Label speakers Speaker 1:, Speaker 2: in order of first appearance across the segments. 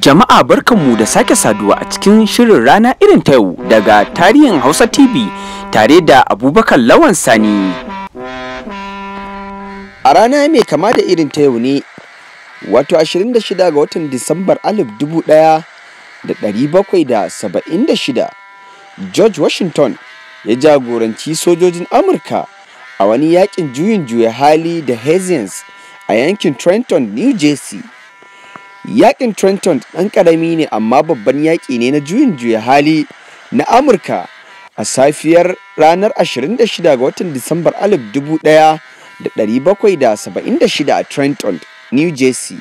Speaker 1: Jama'a barkanmu da sake saduwa a cikin shirin rana irin ta yau daga tarihin Hausa TV tare da Abubakar Lawan Sani. A rana mai kama da irin ta yau ne, wato 26 ga watan Disambar 1776, George Washington ya jagoranci sojojin Amurka a wani yakin juyin juya hali da Hazians a yankin Trenton, New Jersey. Yaƙin Trenton ɗan ƙarami ne amma babban yaƙi ne na juyin juya hali na Amurka a safiyar ranar 26 ga watan Disambar 1776 a Trenton, New Jersey.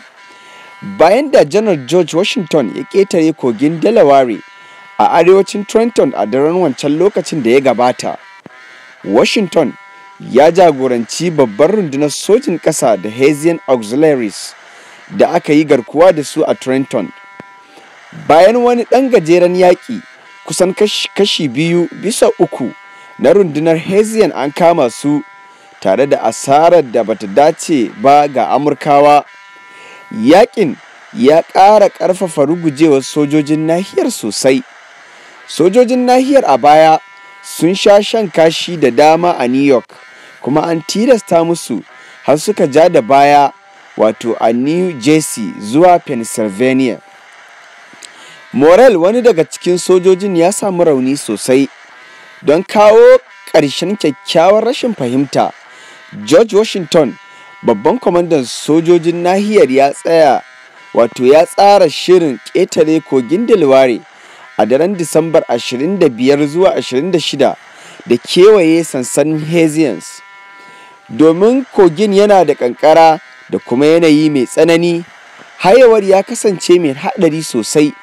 Speaker 1: Bayan da Janar George Washington ya ƙetare kogin Delaware a arewacin Trenton a daren wancan lokacin da ya gabata. Washington ya jagoranci babbar rundunar sojin ƙasa da Hessian Auxiliaries da aka yi garkuwa da su a trenton bayan wani ɗan gajeren yaƙi kusan kashi biyu bisa uku na rundunar hessian an kama su tare da asarar da bata dace ba ga amurkawa yaƙin ya ƙara ƙarfafa rugujewar sojojin nahiyar sosai sojojin nahiyar a baya sun sha shan kashi da dama a new york kuma an tilasta musu har suka ja da baya wato a new jersey zuwa pennsylvania morel wani daga cikin sojojin ya samu rauni sosai don kawo ƙarshen kyakkyawar rashin fahimta george washington babban kwamandan sojojin nahiyar ya tsaya wato ya tsara shirin ƙetare kogin delaware a daren disambar 25 zuwa 26 da kewaye sansanin hessians domin kogin yana da kankara da kuma yanayi mai tsanani hayawar ya kasance mai haɗari sosai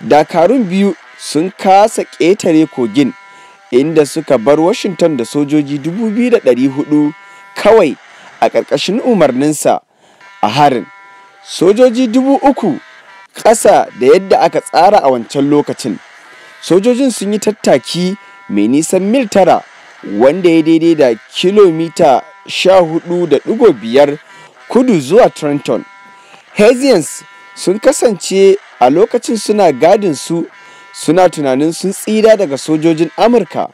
Speaker 1: dakarun biyu sun kasa ƙetare kogin inda suka bar washington da sojoji 2,400 kawai a ƙarƙashin umarninsa a harin sojoji 3,000 ƙasa da yadda aka tsara a wancan lokacin sojojin sun yi tattaki mai nisan mil tara wanda ya daidai da kilomita 14.5 kudu zuwa Trenton. Hazians sun kasance a lokacin suna gadin su suna tunanin sun tsira daga sojojin Amurka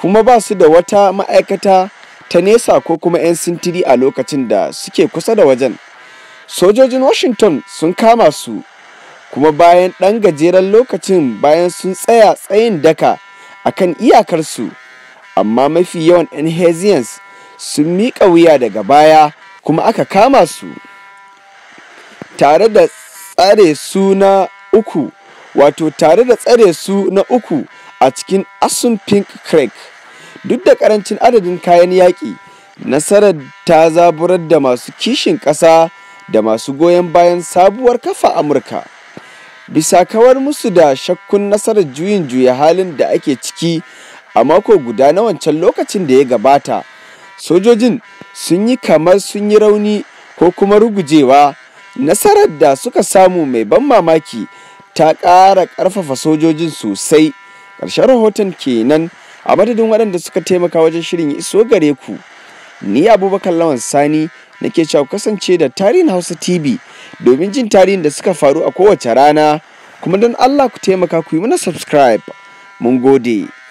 Speaker 1: kuma ba su da wata ma'aikata ta nesa ko kuma 'yan sintiri a lokacin da suke kusa da wajen. Sojojin Washington sun kama su kuma bayan ɗan gajeren lokacin bayan sun tsaya tsayin daka a kan iyakarsu amma mafi yawan 'yan Hazians sun miƙa wuya daga baya kuma aka kama su tare da tsare su na uku wato tare da tsare su na uku a cikin asun pink creek duk da karancin adadin kayan yaƙi nasarar ta zaburar da masu kishin ƙasa da masu goyon bayan sabuwar kafa amurka bisa kawar musu da shakkun nasarar juyin juya halin da ake ciki a mako guda na wancan lokacin da ya gabata sojojin sun yi kamar sun yi rauni ko kuma rugujewa nasarar da suka samu mai ban mamaki ta ƙara ƙarfafa sojojin sosai ƙarshen rahoton kenan a madadin waɗanda suka taimaka wajen shirin iso gare ku ni abubakar lawan sani nake cewa kasance da tarihin hausa tv domin jin tarihin da suka faru a kowace rana kuma don allah ku taimaka ku yi mana subscribe mun gode